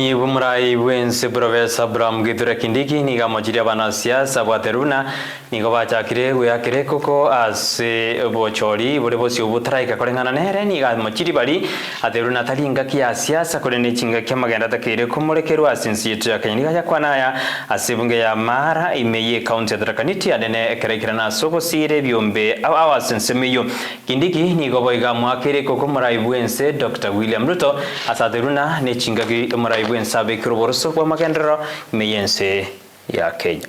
Bumurai bwense Profesa Abraham Kithure Kindiki niga mojiri abanasiasa bwateruna nigo bachakire gwakire koko ase bochori bore bosi obutaraika koreng'ana nere niga mochiri bari ateruna tari ngaki ya siasa kore ne chingaki amagenda takeire kumorekerwa ase ensi yetu ya Kenya niga yakwana aya ase bunge ya Mara imeye county Tharaka Nithi anene ekerekerana ase obosire ebiombe ao ase ensemo eyo Kindiki nigo boiga mwakire koko Murai bwense Dr William Ruto ase ateruna ne chingaki Murai aibu ensabe kiroboroso kwa makendeleo imeyense ya Kenya.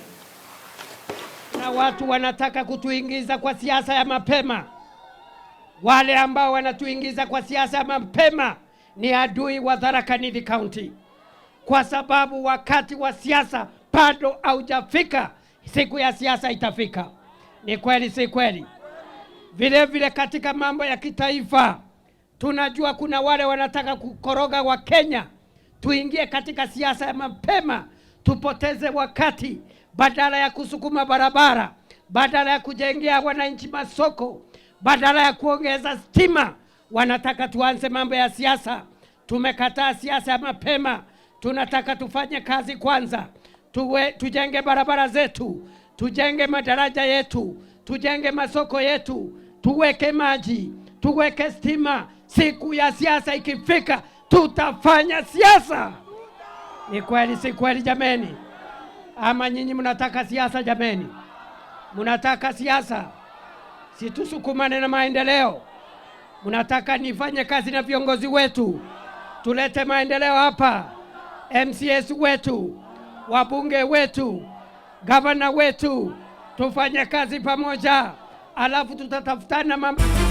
Na watu wanataka kutuingiza kwa siasa ya mapema. Wale ambao wanatuingiza kwa siasa ya mapema ni adui wa Tharaka Nithi County, kwa sababu wakati wa siasa bado haujafika. Siku ya siasa itafika. Ni kweli, si kweli? Vile vile katika mambo ya kitaifa tunajua kuna wale wanataka kukoroga wa Kenya tuingie katika siasa ya mapema, tupoteze wakati badala ya kusukuma barabara, badala ya kujengea wananchi masoko, badala ya kuongeza stima, wanataka tuanze mambo ya siasa. Tumekataa siasa ya mapema, tunataka tufanye kazi kwanza. Tuwe, tujenge barabara zetu, tujenge madaraja yetu, tujenge masoko yetu, tuweke maji, tuweke stima. Siku ya siasa ikifika tutafanya siasa. Ni kweli, si kweli jameni? Ama nyinyi mnataka siasa jameni? Mnataka siasa? Si tusukumane na maendeleo? Mnataka nifanye kazi na viongozi wetu tulete maendeleo hapa, MCS wetu, wabunge wetu, gavana wetu, tufanye kazi pamoja, alafu tutatafutana mambo